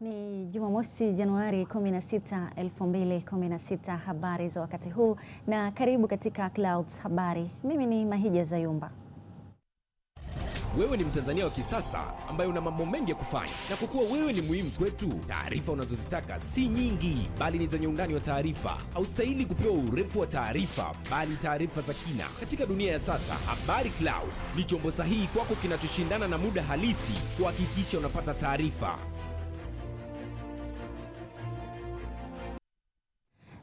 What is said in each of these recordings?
Ni Jumamosi, Januari 16, 2016. Habari za wakati huu na karibu katika Clouds Habari. Mimi ni Mahija Zayumba. Wewe ni Mtanzania wa kisasa ambaye una mambo mengi ya kufanya, na kwa kuwa wewe ni muhimu kwetu, taarifa unazozitaka si nyingi, bali ni zenye undani wa taarifa. Haustahili kupewa urefu wa taarifa, bali taarifa za kina. Katika dunia ya sasa, Habari Clouds ni chombo sahihi kwako kinachoshindana na muda halisi kuhakikisha unapata taarifa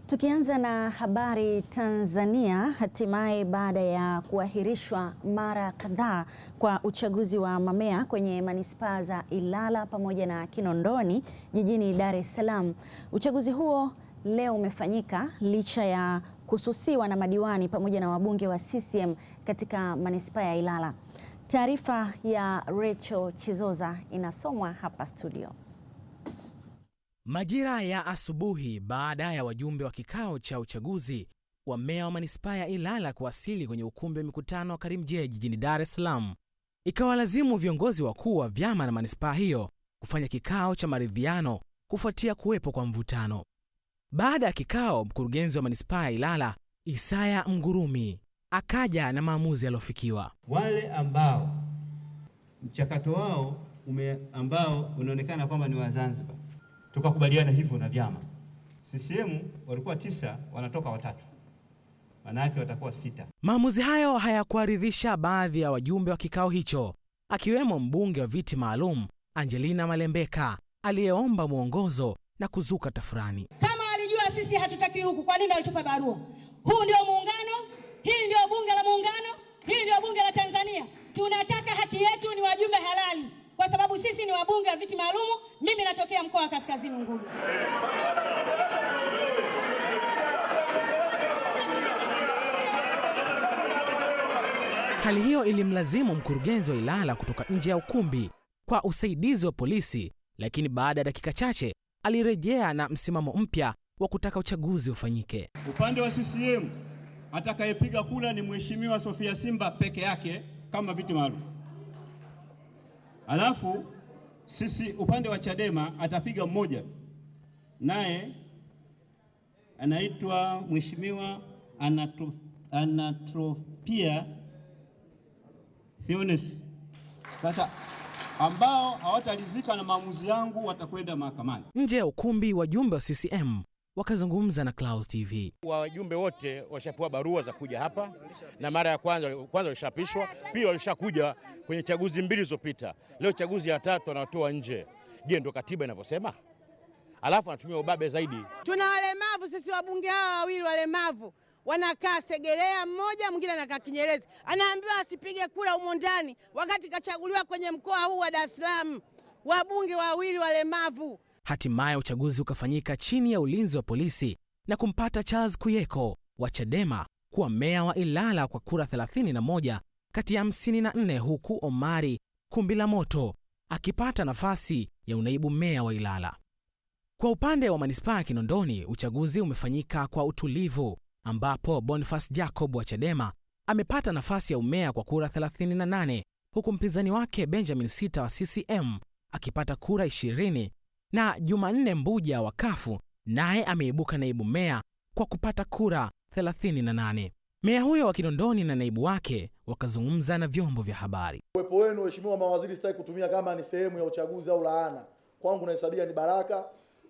Tukianza na habari Tanzania, hatimaye baada ya kuahirishwa mara kadhaa kwa uchaguzi wa mamea kwenye manispaa za Ilala pamoja na Kinondoni jijini Dar es Salaam, uchaguzi huo leo umefanyika licha ya kususiwa na madiwani pamoja na wabunge wa CCM katika manispaa ya Ilala. Taarifa ya Rachel Chizoza inasomwa hapa studio. Majira ya asubuhi, baada ya wajumbe wa kikao cha uchaguzi wa meya wa manispaa ya Ilala kuwasili kwenye ukumbi wa mikutano wa Karimjee jijini Dar es Salaam, ikawalazimu viongozi wakuu wa vyama na manispaa hiyo kufanya kikao cha maridhiano kufuatia kuwepo kwa mvutano. Baada ya kikao, mkurugenzi wa manispaa ya Ilala Isaya Mgurumi akaja na maamuzi yaliyofikiwa. Wale ambao mchakato wao ume ambao unaonekana kwamba ni Zanzibar tukakubaliana hivyo na vyama. CCM walikuwa tisa, wanatoka watatu, manake watakuwa sita. Maamuzi hayo hayakuaridhisha baadhi ya wajumbe wa kikao hicho, akiwemo mbunge wa viti maalum Angelina Malembeka aliyeomba mwongozo na kuzuka tafurani. Kama walijua sisi hatutaki huku, kwa nini walitupa barua? Huu ndio muungano, hili ndio bunge la muungano, hili ndio bunge la Tanzania. Tunataka haki yetu, ni wajumbe halali kwa sababu sisi ni wabunge wa viti maalumu. Mimi natokea mkoa wa Kaskazini Unguja. Hali hiyo ilimlazimu mkurugenzi wa Ilala kutoka nje ya ukumbi kwa usaidizi wa polisi, lakini baada ya dakika chache alirejea na msimamo mpya wa kutaka uchaguzi ufanyike. Upande wa CCM atakayepiga kura ni Mheshimiwa Sofia Simba peke yake kama viti maalum. Alafu sisi upande wa Chadema atapiga mmoja, naye anaitwa Mheshimiwa Anatropia Fiones. Sasa ambao hawatalizika na maamuzi yangu watakwenda mahakamani. Nje ya ukumbi, jumbe wa CCM wakazungumza na Clouds TV. Wajumbe wote washapewa barua za kuja hapa, na mara ya kwanza kwanza walishapishwa, pili walishakuja kwenye chaguzi mbili zilizopita. Leo chaguzi ya tatu wanatoa nje. Je, ndo katiba inavyosema? Alafu anatumia ubabe zaidi. Tuna walemavu sisi, wabunge hawa wawili walemavu wanakaa Segerea, mmoja mwingine anakaa Kinyerezi, anaambiwa asipige kura humo ndani, wakati kachaguliwa kwenye mkoa huu wa Dar es Salaam, wabunge wawili walemavu Hatimaye uchaguzi ukafanyika chini ya ulinzi wa polisi na kumpata Charles Kuyeko wa Chadema kuwa meya wa Ilala kwa kura 31 kati ya 54 huku Omari Kumbilamoto akipata nafasi ya unaibu meya wa Ilala. Kwa upande wa manispaa ya Kinondoni, uchaguzi umefanyika kwa utulivu ambapo Boniface Jacob wa Chadema amepata nafasi ya umeya kwa kura 38 huku mpinzani wake Benjamin Sita wa CCM akipata kura 20 na Jumanne Mbuja wa Kafu naye ameibuka naibu meya kwa kupata kura 38. Meya huyo wa Kinondoni na naibu wake wakazungumza na vyombo vya habari. Uwepo wenu waheshimiwa mawaziri, sitaki kutumia kama ni sehemu ya uchaguzi au laana. Kwangu nahesabia ni baraka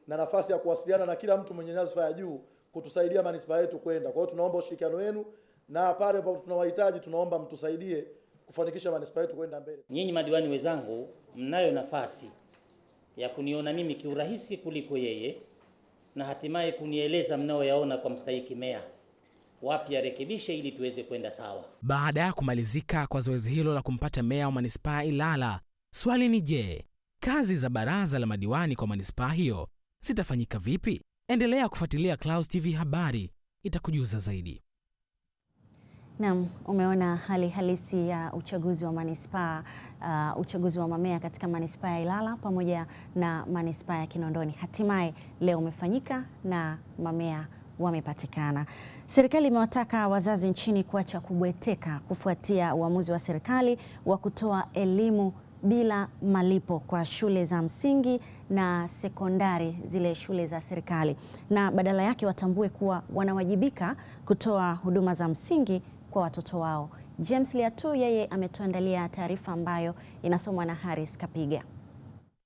na nafasi ya kuwasiliana na kila mtu mwenye nyadhifa ya juu kutusaidia manispa yetu kwenda. Kwa hiyo tunaomba ushirikiano wenu, na pale ambapo tunawahitaji, tunaomba mtusaidie kufanikisha manispa yetu kwenda mbele. Nyinyi madiwani wenzangu, mnayo nafasi ya kuniona mimi kiurahisi kuliko yeye na hatimaye kunieleza mnaoyaona kwa mstahiki meya wapi arekebishe ili tuweze kwenda sawa. Baada ya kumalizika kwa zoezi hilo la kumpata meya wa manispaa Ilala, swali ni je, kazi za baraza la madiwani kwa manispaa hiyo zitafanyika vipi? Endelea kufuatilia Clouds TV Habari itakujuza zaidi. Naam, umeona hali halisi ya uchaguzi wa manispaa uh, uchaguzi wa mamea katika manispaa ya Ilala pamoja na manispaa ya Kinondoni hatimaye leo umefanyika na mamea wamepatikana. Serikali imewataka wazazi nchini kuacha kubweteka kufuatia uamuzi wa serikali wa kutoa elimu bila malipo kwa shule za msingi na sekondari, zile shule za serikali, na badala yake watambue kuwa wanawajibika kutoa huduma za msingi kwa watoto wao. James Liatu yeye ametuandalia taarifa ambayo inasomwa na Haris Kapiga.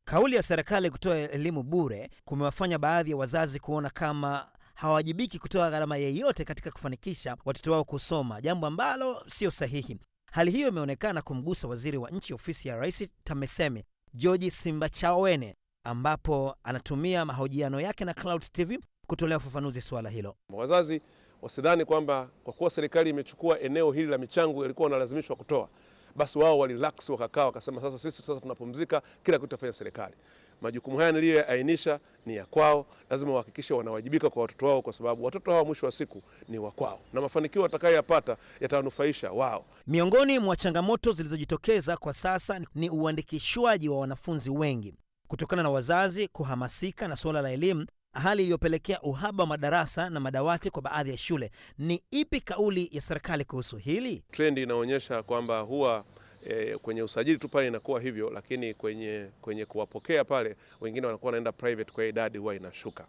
Kauli ya serikali kutoa elimu bure kumewafanya baadhi ya wazazi kuona kama hawawajibiki kutoa gharama yeyote katika kufanikisha watoto wao kusoma, jambo ambalo sio sahihi. Hali hiyo imeonekana kumgusa waziri wa nchi ofisi ya rais TAMISEMI George Simbachawene, ambapo anatumia mahojiano yake na Clouds TV kutolea ufafanuzi suala hilo. Wazazi Wasidhani kwamba kwa kuwa serikali imechukua eneo hili la michango ilikuwa wanalazimishwa kutoa, basi wao walirelax wakakaa wakasema, sasa sisi sasa tunapumzika, kila kitu tafanya serikali. Majukumu haya niliyoyaainisha ni ya kwao, lazima wahakikishe wanawajibika kwa watoto wao, kwa sababu watoto hawa mwisho wa siku ni wa kwao na mafanikio watakayoyapata yatawanufaisha wao. Miongoni mwa changamoto zilizojitokeza kwa sasa ni uandikishwaji wa wanafunzi wengi kutokana na wazazi kuhamasika na suala la elimu hali iliyopelekea uhaba wa madarasa na madawati kwa baadhi ya shule. Ni ipi kauli ya serikali kuhusu hili? Trendi inaonyesha kwamba huwa E, kwenye usajili tu pale inakuwa hivyo, lakini kwenye, kwenye kuwapokea pale wengine wanakuwa wanaenda private, kwa idadi huwa inashuka.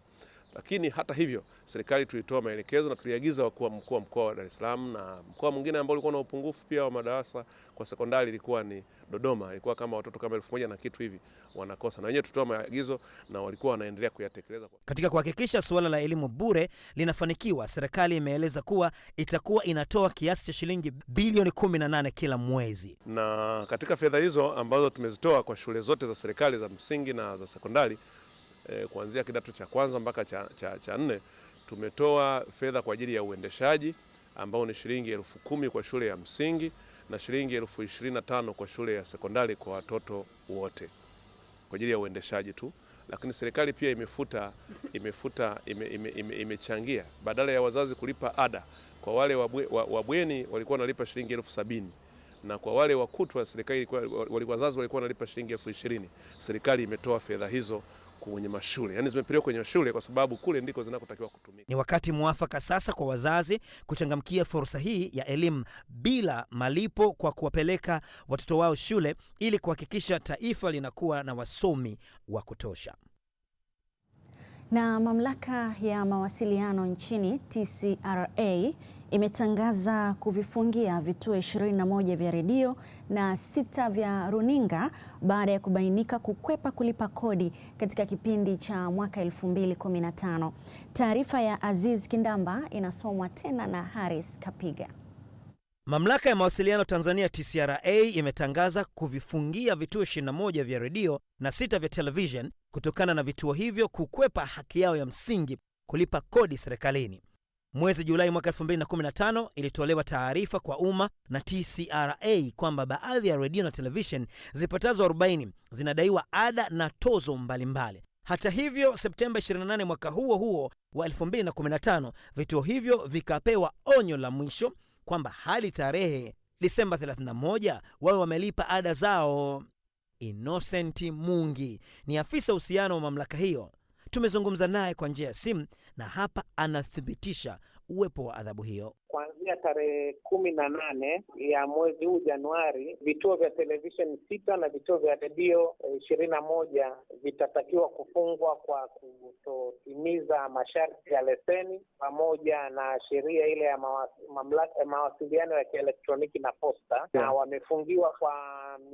Lakini hata hivyo, serikali tulitoa maelekezo na tuliagiza wakuu mkuu wa mkoa wa Dar es Salaam na mkoa mwingine ambao ulikuwa na upungufu pia wa madarasa kwa sekondari ilikuwa ni Dodoma, ilikuwa kama watoto kama elfu moja na kitu hivi wanakosa, na wenyewe tulitoa maagizo na walikuwa wanaendelea kuyatekeleza. Katika kuhakikisha suala la elimu bure linafanikiwa, serikali imeeleza kuwa itakuwa inatoa kiasi cha shilingi bilioni nane kila mwezi, na katika fedha hizo ambazo tumezitoa kwa shule zote za serikali za msingi na za sekondari e, kuanzia kidato cha kwanza mpaka cha, cha, cha nne tumetoa fedha kwa ajili ya uendeshaji ambao ni shilingi elfu kumi kwa shule ya msingi na shilingi elfu ishirini na tano kwa shule ya sekondari kwa watoto wote kwa ajili ya uendeshaji tu, lakini serikali pia imefuta imefuta ime, ime, ime, imechangia badala ya wazazi kulipa ada kwa wale wabwe, wabweni walikuwa wanalipa shilingi elfu sabini na kwa wale wakutwa serikali wazazi walikuwa wanalipa shilingi elfu ishirini. Serikali imetoa fedha hizo kwenye mashule, yani zimepelekwa kwenye shule kwa sababu kule ndiko zinakotakiwa kutumika. Ni wakati mwafaka sasa kwa wazazi kuchangamkia fursa hii ya elimu bila malipo kwa kuwapeleka watoto wao shule ili kuhakikisha taifa linakuwa na wasomi wa kutosha. Na mamlaka ya mawasiliano nchini TCRA imetangaza kuvifungia vituo 21 vya redio na sita vya runinga baada ya kubainika kukwepa kulipa kodi katika kipindi cha mwaka 2015. Taarifa ya Aziz Kindamba inasomwa tena na Haris Kapiga. Mamlaka ya Mawasiliano Tanzania TCRA imetangaza kuvifungia vituo 21 vya redio na sita vya television kutokana na vituo hivyo kukwepa haki yao ya msingi kulipa kodi serikalini. Mwezi Julai mwaka 2015 ilitolewa taarifa kwa umma na TCRA kwamba baadhi ya redio na televishen zipatazo 40 zinadaiwa ada na tozo mbalimbali mbali. Hata hivyo, Septemba 28 mwaka huo huo wa 2015 vituo hivyo vikapewa onyo la mwisho kwamba hadi tarehe Disemba 31 wawe wamelipa ada zao. Innocent Mungi ni afisa uhusiano wa mamlaka hiyo. Tumezungumza naye kwa njia ya simu na hapa anathibitisha uwepo wa adhabu hiyo. Kuanzia tarehe kumi na nane ya mwezi huu Januari, vituo vya televisheni sita na vituo vya redio ishirini na moja vitatakiwa kufungwa kwa kutotimiza masharti ya leseni pamoja na sheria ile ya mawasiliano ya kielektroniki na posta, na wamefungiwa kwa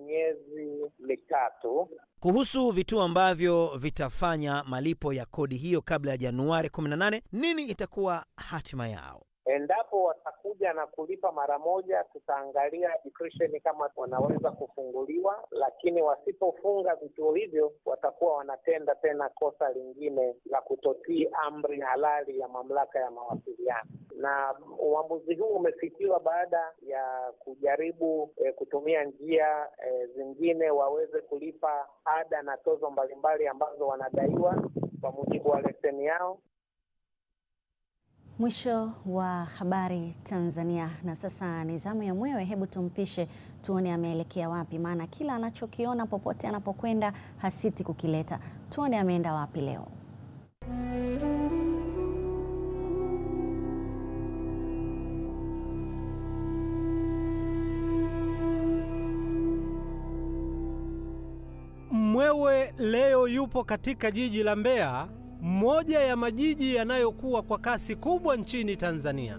miezi mitatu kuhusu vituo ambavyo vitafanya malipo ya kodi hiyo kabla ya Januari 18. Nini itakuwa hatima yao? Endapo watakuja na kulipa mara moja, tutaangalia dikrisheni kama wanaweza kufunguliwa, lakini wasipofunga vituo hivyo, watakuwa wanatenda tena kosa lingine la kutotii amri halali ya mamlaka ya mawasiliano na uamuzi huu umefikiwa baada ya kujaribu e, kutumia njia e, zingine waweze kulipa ada na tozo mbalimbali ambazo wanadaiwa kwa mujibu wa leseni yao. Mwisho wa habari Tanzania. Na sasa ni zamu ya Mwewe, hebu tumpishe tuone ameelekea wapi, maana kila anachokiona popote anapokwenda hasiti kukileta. Tuone ameenda wapi leo. leo yupo katika jiji la Mbeya, moja ya majiji yanayokuwa kwa kasi kubwa nchini Tanzania.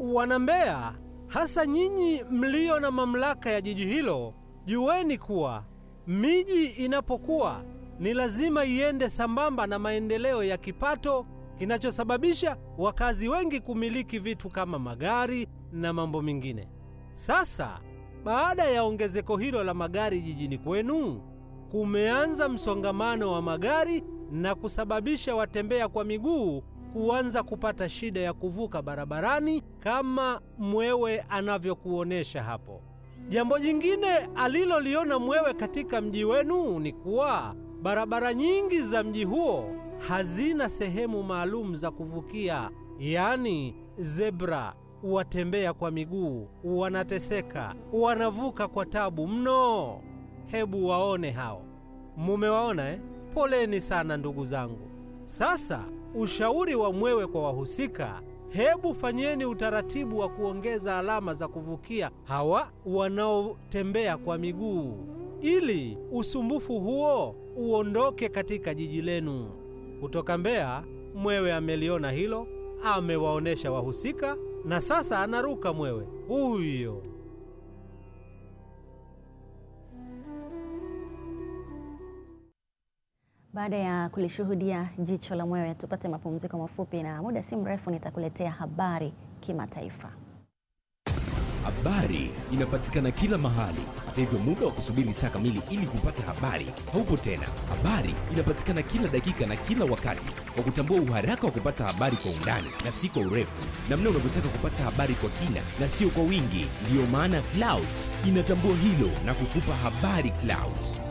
Wana Mbeya, hasa nyinyi mlio na mamlaka ya jiji hilo, jueni kuwa miji inapokuwa ni lazima iende sambamba na maendeleo ya kipato kinachosababisha wakazi wengi kumiliki vitu kama magari na mambo mengine. Sasa, baada ya ongezeko hilo la magari jijini kwenu, kumeanza msongamano wa magari na kusababisha watembea kwa miguu kuanza kupata shida ya kuvuka barabarani kama mwewe anavyokuonesha hapo. Jambo jingine aliloliona mwewe katika mji wenu ni kuwa barabara nyingi za mji huo hazina sehemu maalum za kuvukia, yaani zebra. Watembea kwa miguu wanateseka, wanavuka kwa tabu mno hebu waone hao. Mumewaona eh? Poleni sana ndugu zangu. Sasa ushauri wa mwewe kwa wahusika, hebu fanyeni utaratibu wa kuongeza alama za kuvukia hawa wanaotembea kwa miguu, ili usumbufu huo uondoke katika jiji lenu. Kutoka Mbeya, mwewe ameliona hilo, amewaonesha wahusika, na sasa anaruka mwewe huyo. Baada ya kulishuhudia jicho la mwewe, tupate mapumziko mafupi na muda si mrefu nitakuletea habari kimataifa. Habari inapatikana kila mahali. Hata hivyo, muda wa kusubiri saa kamili ili kupata habari haupo tena. Habari inapatikana kila dakika na kila wakati, kwa kutambua uharaka wa kupata habari kwa undani na si kwa urefu, namna unavyotaka kupata habari kwa kina na sio kwa wingi. Ndiyo maana Clouds inatambua hilo na kukupa habari Clouds